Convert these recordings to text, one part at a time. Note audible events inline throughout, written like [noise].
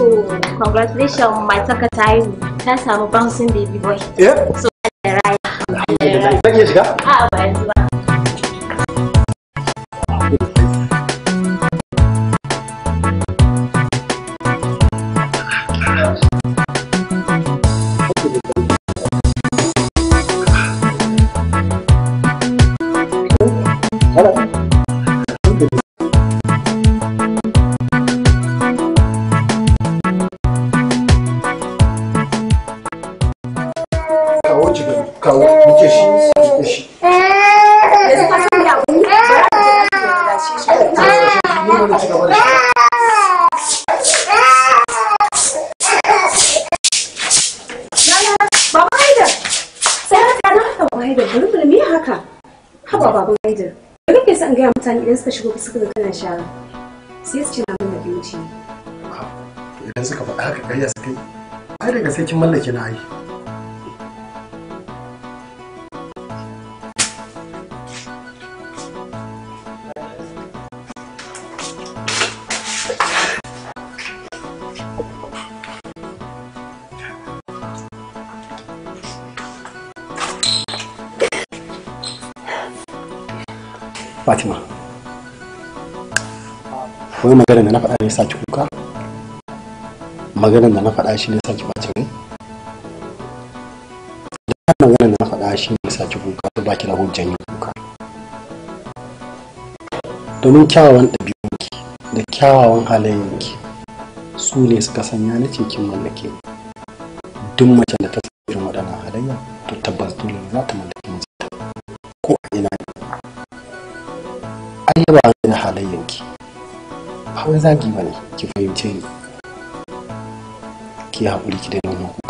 to congratulations matar ta ta samu bouncing baby boy. Yeah. So, da iya shiga? ba ba. haidar bari me haka haba baban haidar da kake son ga mutane idan suka shigo suka ga kana shara sai su ci na mun da biyu idan suka faɗa haka ƙarya suka kai. ai daga sai kin mallake na ai fatima wai maganar da na faɗa ne sa ki kuka maganar da na faɗa shi ne sa ki ɓacin rai da maganar da na faɗa shi ne sa ki kuka to baki na hujjan yi kuka domin kyawawan ɗabi'unki da kyawawan halayenki su ne suka sanya na cikin kin mallake duk mace da ta irin waɗannan halayya to tabbas dole za ta mallake ba na halayyanki ba wai zagi ba ne ki fahimce ni ki haƙuri ki daina wani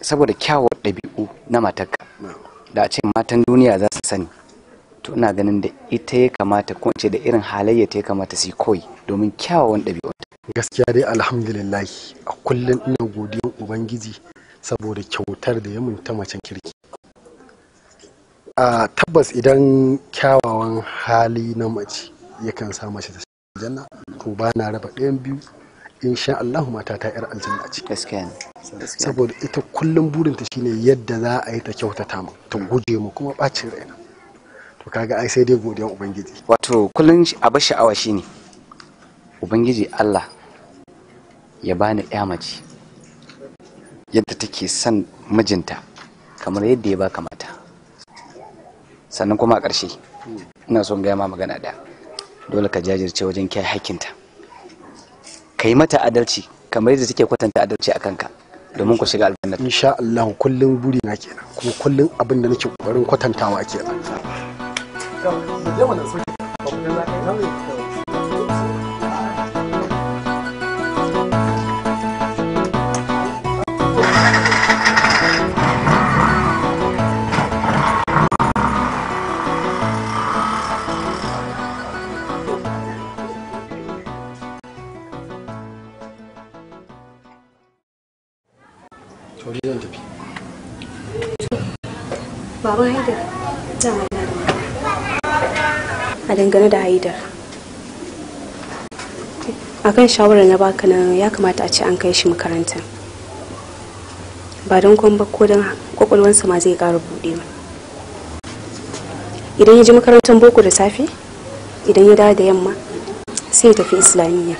saboda kyawawan ɗabi'u na matarka da a ce matan duniya za su sani to ina ganin da ita ya kamata ko ce da irin halayya ta ya kamata su koyi domin kyawawan ɗabi'u gaskiya dai alhamdulillah a kullum ina godiyar ubangiji saboda kyautar da ya ta macen kirki a tabbas idan kyawawan hali na mace yakan sa mace ta aljanna to ba na raba ɗayan biyu in sha Allah mata ta yar aljanna ce saboda ita kullum burinta shine yadda za a yi ta kyautata mu ta guje mu kuma bacin raina to kaga ai sai dai godiyan ubangiji wato kullum abin sha'awa shine ubangiji Allah ya bani ɗaya mace yadda take son mijinta kamar yadda ya baka mata sannan kuma a ƙarshe ina son gaya ma magana da dole ka jajirce wajen kai hakinta ka yi mata adalci kamar yadda take kwatanta adalci a kanka domin ku shiga aljanna insha Allah kullum buri na kenan kuma kullum abin da nake kokarin kwatantawa kenan Kan shawarar na baka nan ya kamata a ce an kai shi makaranta ba don kwan ko don kwakwalwansa ma zai ƙara buɗe idan ya ji makarantar boko da safe idan ya dawo da yamma sai ya tafi islamiyya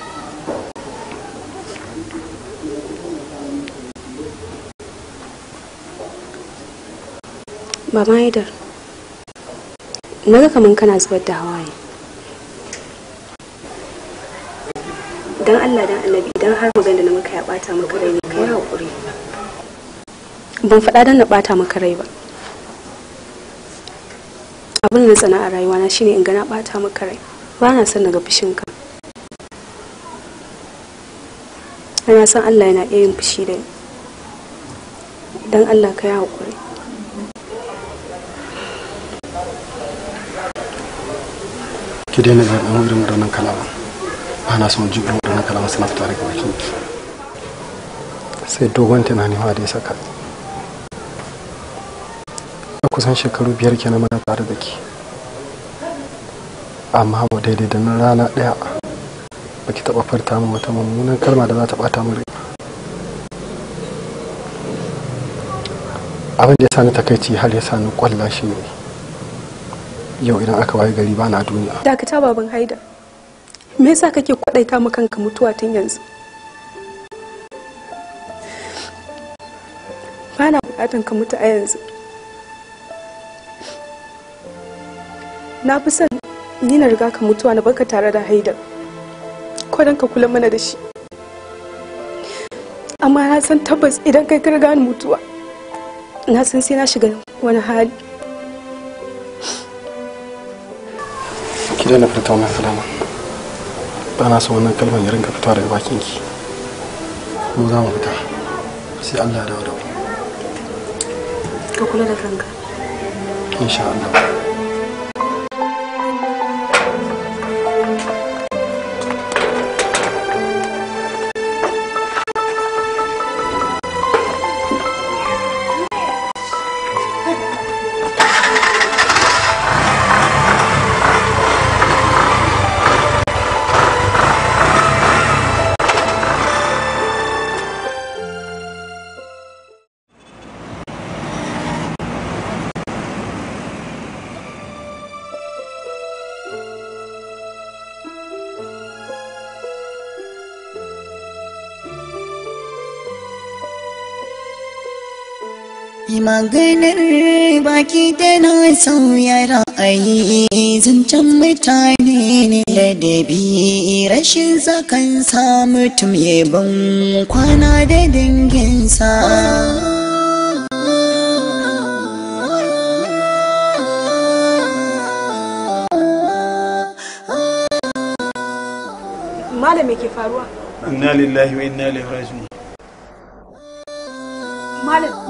ba ma na ga kamar kana zubar da hawaye dan allah dan annabi idan har magana na maka ya bata maka rai kai hakuri haƙuri ban faɗa don na bata maka rai ba abin da tsana a rayuwa na shine in ga na bata maka rai ba na san daga ka. ana san allah yana iya yin fushi da Dan allah ka hakuri haƙuri ki daina zaɓen irin waɗannan kalaman ana son ji ne kalaman masu tare bakin ki sai dogon tunani ma da ya saka a kusan shekaru biyar kenan mana tare da ke. amma ba daidai da nan rana ɗaya ba ki taɓa farta mu wata mummunan kalma da za ta ɓata min abin da ya sani takaici har ya sani kwalla ne yau idan aka waye gari ba na duniya dakata babin haida me yasa kake kwadaita mu kanka mutuwa tun yanzu ba na bukatan ka mutu a yanzu na fi son ni na riga ka mutuwa na barka tare da haidar ko dan ka kula mana da shi amma na san tabbas idan kai ka riga ni mutuwa na san sai na shiga wani hali ki daina furta wannan salama ba na son wannan kalmar ya rinka fitowa daga bakin ki mu za mu fita sai Allah ya dawo da ku ka kula da kanka insha Allah maganar baki tana sauya ra'ayi zancen mutane ne ladabi rashin sakan sa mutum yabon kwana da danginsa. malam ke faruwa inna lillahi wa inna ilaihi raji'un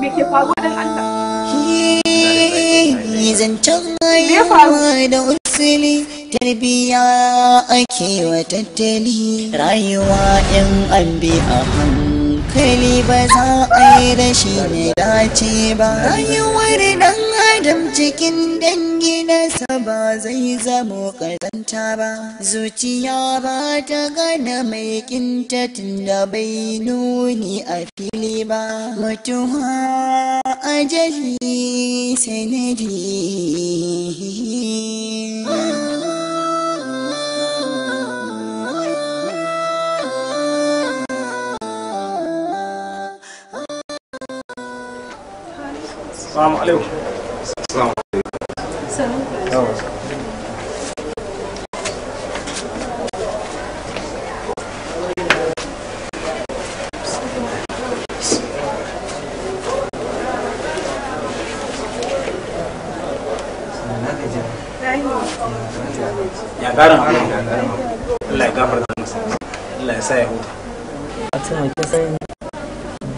me ke faruwa dan Allah zancen rayuwa da usili tarbiya ake wa tattali rayuwa 'yan an a hannu hankali ba za a yi rashi ne dace ba rayuwar dan adam cikin dangi nasa ba zai zamo kazanta ba zuciya ba ta gana mai kinta tunda bai nuni a fili ba mutuwa ajali sanadi Assalamu alaikum. Assalamu alaikum. Ya Allah ya gafarta masa. Allah ya sa ya huta. A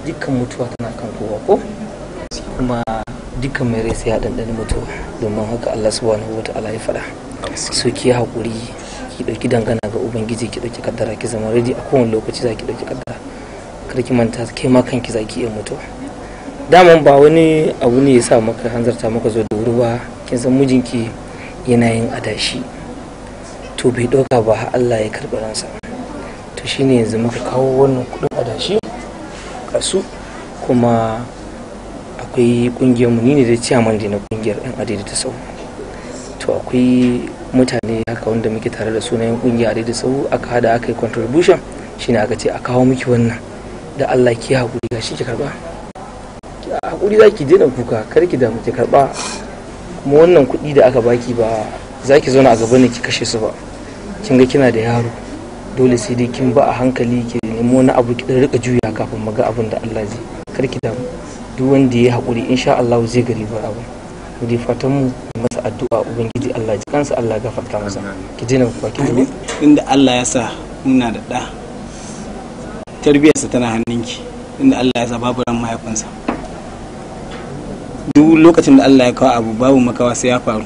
cikin mutuwa tana kan kowa ko? Kuma dukkan mai rai sai ya ɗanɗani mutu domin haka Allah subhanahu wa ta'ala ya fada so ki hakuri ki ɗauki dangana ga ubangiji ki ɗauki kaddara ki zama ready a kowane lokaci za ki ɗauki kaddara kar ki manta kai ma kanki za ki iya mutu. daman ba wani abu ne ya sa maka hanzarta maka zo da wuri ba kin san mijinki yana yin adashi to bai ɗauka ba har Allah ya karɓi ransa to shine yanzu maka kawo wannan kuɗin adashi kasu kuma akwai eh, kungiyar mu ni ne da ciyaman da na kungiyar yan adidi ta sau to akwai mutane haka wanda muke tare da sunayen kungiyar adidi ta sau aka hada aka yi contribution shine aka ce a kawo miki wannan da Allah ki hakuri ga shi ki karba hakuri za ki daina kuka kar ki damu ki karba kuma wannan kuɗi da aka baki ba za ki zauna a gaba ne ki kashe su ba kin ga kina da yaro dole sai dai kin ba a hankali ki nemo wani abu ki rika juya kafin maga abin da Allah zai kar ki damu duk wanda ya haƙuri insha Allah zai gari ba abu da fatan mu masa addu'a ubangiji Allah ji kansa Allah gafarta masa ki dina ku ki dina inda Allah ya sa muna da da tarbiyarsa tana hannunki inda Allah ya sa babu ran mahaifinsa duk lokacin da Allah ya kawo abu babu makawa sai ya faru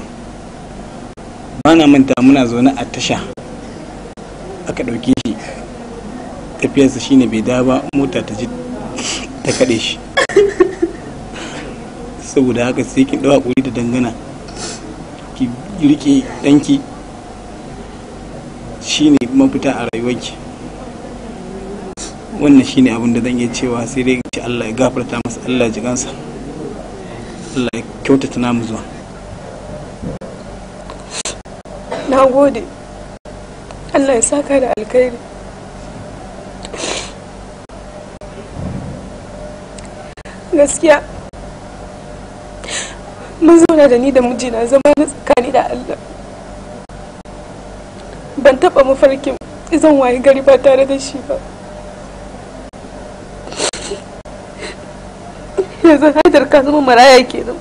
ba na manta muna zaune a tasha aka ɗauke shi tafiyarsa shine bai da ba mota ta ji ta kaɗe shi saboda haka sai ki dawa kuri da dangana ki rike danki shine mafita a rayuwarki wannan shine abin da zan iya cewa sai dai ci Allah ya gafarta masa Allah ya jigansa Allah ya kyautata namu zuwa na gode Allah ya saka da alkhairi gaskiya mun zauna da ni da mijina zama na tsakani da Allah ban taba mafarkin zan waye gari ba tare da shi ba yanzu haidar ka zama maraya kenan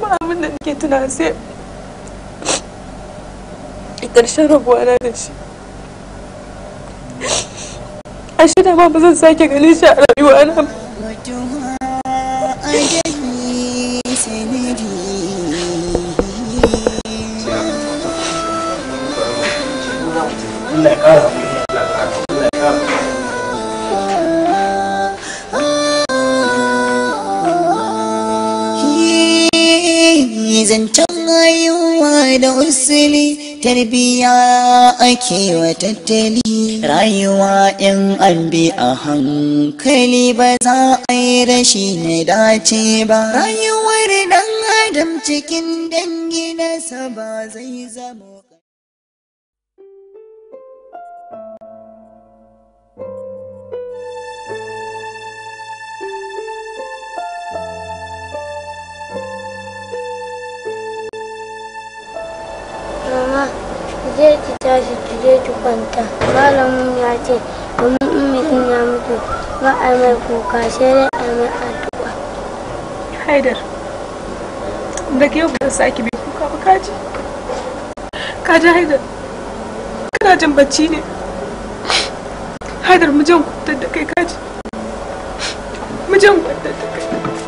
ba abin da nake tuna sai ƙarshen rabuwa na da shi a shi da ba ba zan sake ganin shi a rayuwa na Zancen rayuwa da usuli tarbiyya ake wa tattali rayuwa in an bi a hankali ba za a yi rashi na dace ba rayuwar dan adam cikin dangi na ba zai zama ta malamin ya ce domin in mutum ya mutu ba a mai kuka sai dai a mai addu'a haidar da ke ba ki bi kuka ba kaji kaji haidar kana jin bacci ne haidar mu jan kwantar da kai kaji mu jan kwantar da kai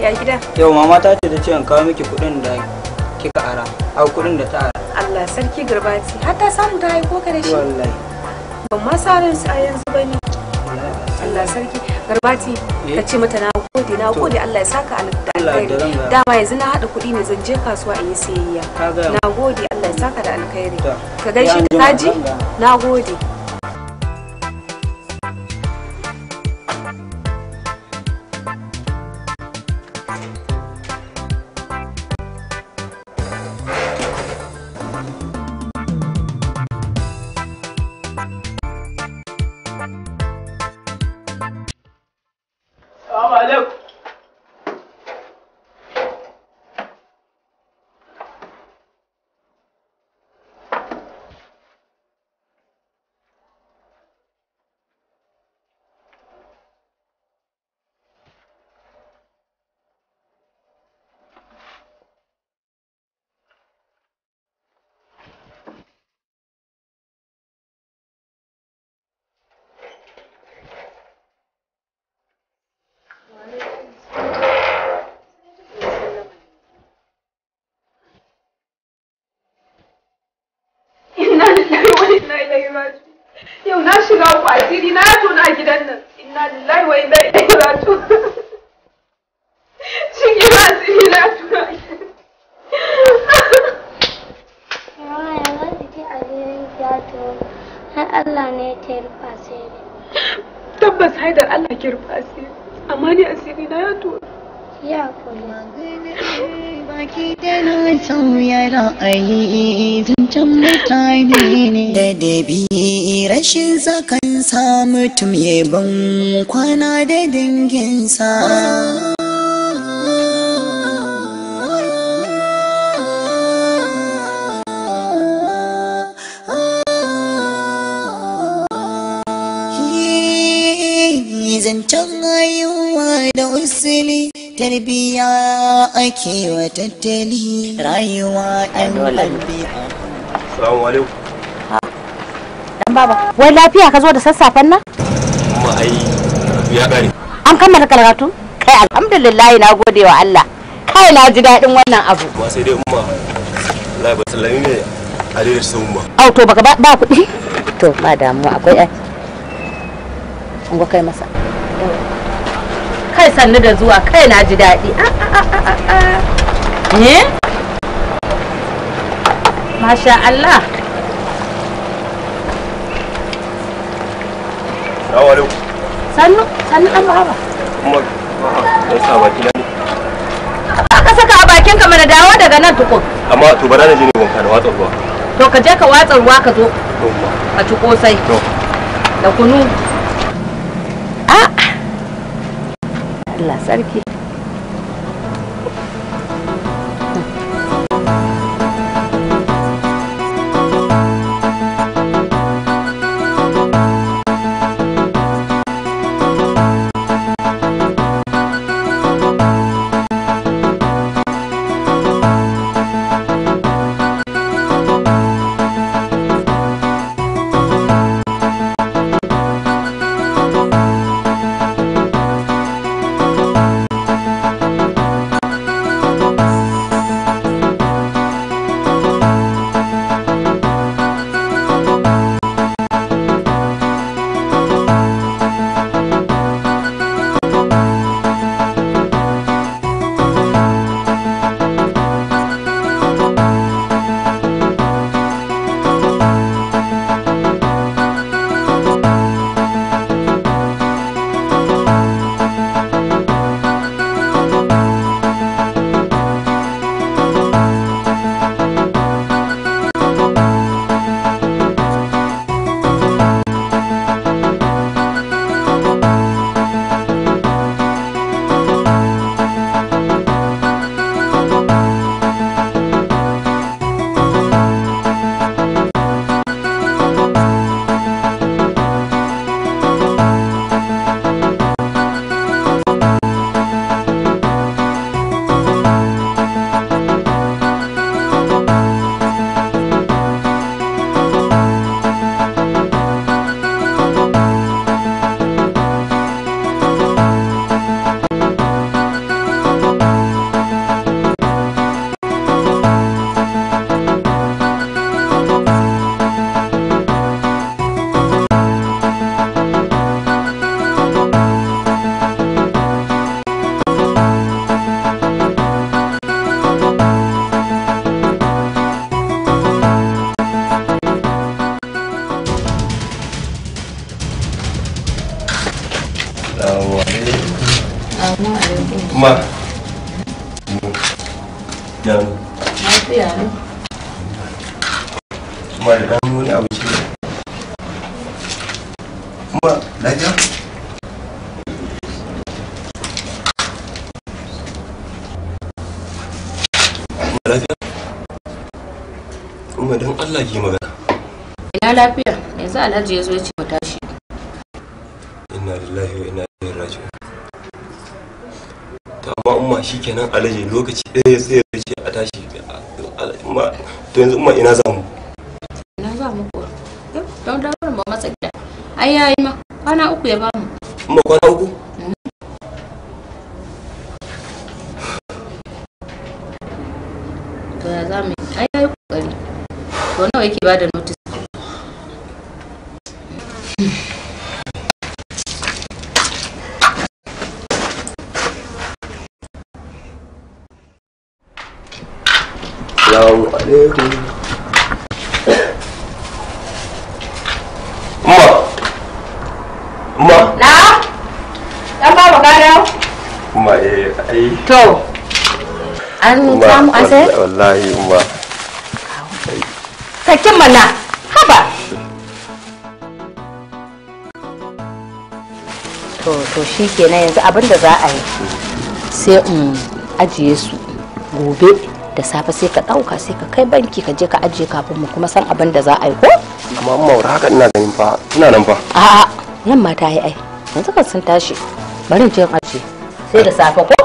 ya gida. Yau mama ta ce ta ce an kawo miki kuɗin da kika ara, au kuɗin da ta ara. Allah sarki garbati har ta samu ta haiko ka da shi. Wallahi. Ban ma sa ran a yanzu ba ne. Allah sarki garbati ta eh? ce mata na gode na gode Allah ya saka alkhairi. Dama yanzu na haɗa kuɗi ne zan je kasuwa in yi sayayya. Na gode Allah ya saka da alkhairi. Ka gaishe ka ji? Na gode. Yau na shiga uku asiri na yato na gidan nan. Inna lillahi wa inna ilaihi raji'un. [laughs] Shin yi ba asiri na yato na Allah ne ta rufa asiri. Tabbas haidar Allah ke rufa asiri. Amma ni asiri na ya tura. Ya kula. baki tana sauya ra'ayi zancen mutane ne da dabi rashin sakan sa mutum ya kwana da dinginsa. tarbiya ake wa tattali rayuwa ɗan ɗabi'a. Salamu alaikum. baba, wai lafiya ka zo da sassafen nan? Kuma ya ƙare. An kammala karatu? Kai alhamdulillah na gode wa Allah. Kai na ji daɗin wannan abu. Ba sai dai umma. Allah ba sallami ne a daidai sun umma. Au to baka ba kuɗi? To ba damu akwai ai. an kai masa. kai sannu da zuwa kai na ji daɗi ne ah, ah, ah, masha Allah sannu sannu ɗan baba aka saka a bakin ka mana dawo daga nan tukun amma to bara na je ne wanka da watsa ruwa to ka je ka watsa ruwa ka zo a ci kosai da kunu las arquitecturas Halima don Allah ki magana. Ina lafiya, yanzu Alhaji ya zo ya ce mu tashi. Inna lillahi wa inna ilaihi raji'un. Ta ba umma shikenan Alhaji lokaci ɗaya sai ya ce a tashi. To yanzu umma ina za mu? Ina za mu ko? Don dawar ba matsa gida. Ai yayi ma kwana uku ya bamu. Umma kwana uku? kawai ke bada notice Assalamu alaikum. Ma. Na. Dan ba Ma eh ai. To. An samu sakin mana haba to to shi kenan yanzu abin da za a yi sai in ajiye su gobe da safe sai ka ɗauka sai ka kai banki ka je ka ajiye kafin mu kuma san abin da za a yi ko amma maura haka ina ganin fa ina nan fa a'a yamma ta yi ai yanzu kan sun tashi bari in je ajiye sai da safe ko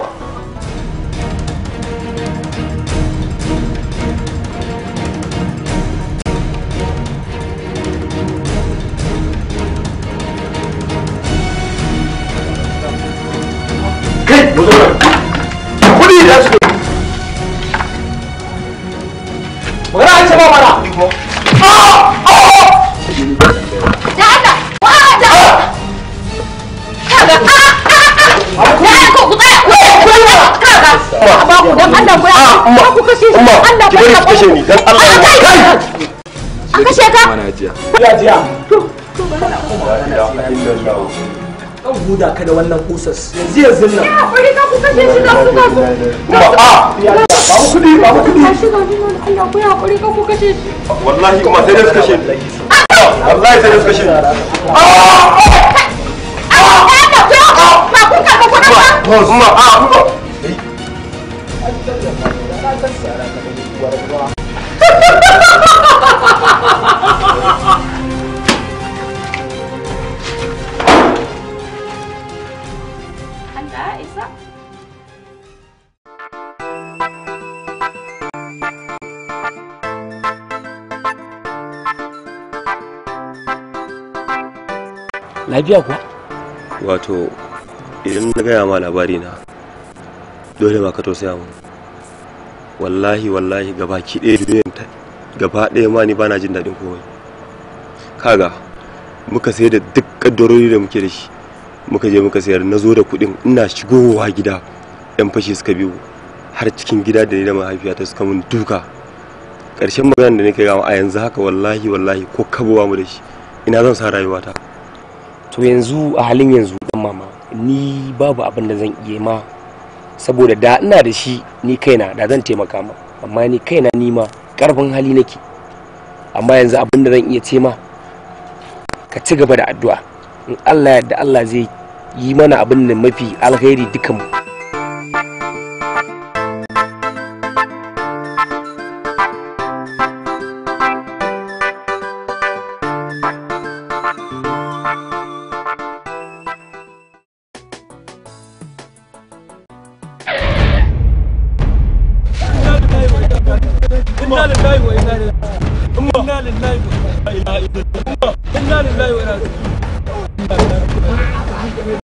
ya jiya kana kuma huda ka da wannan kusas yanzu yanzu nan ya kuri ka kuka ce shi da kuka ku ba ah, a ba mu kudi ba mu kudi shi da ni Allah ku ya kuri ka kuka ce wallahi kuma sai da kashe wallahi sai da kashe Kuma a kuma. kuwa wato idan na gaya ma labari na dole ba ka tausaya mu wallahi wallahi gaba ki ɗaya ta gaba ɗaya ma ni ba na jin daɗin komai kaga muka sayar da duk ƙaddarori da muke da shi muka je muka sayar na zo da kuɗin ina shigowa gida yan fashi suka biyo har cikin gida da ni da mahaifiyata suka mun duka ƙarshen magana da nake gawa a yanzu haka wallahi wallahi ko kabowa mu da shi ina zan sa rayuwata to yanzu a halin yanzu dan mama ni babu abin da zan iya ma saboda da ina da shi ni kaina da zan taimaka ma amma ni kaina ni ma karfin hali nake amma yanzu abin da zan iya ce ma ka ci gaba da addu'a in Allah yadda Allah zai yi mana abin da mafi alheri dukan mu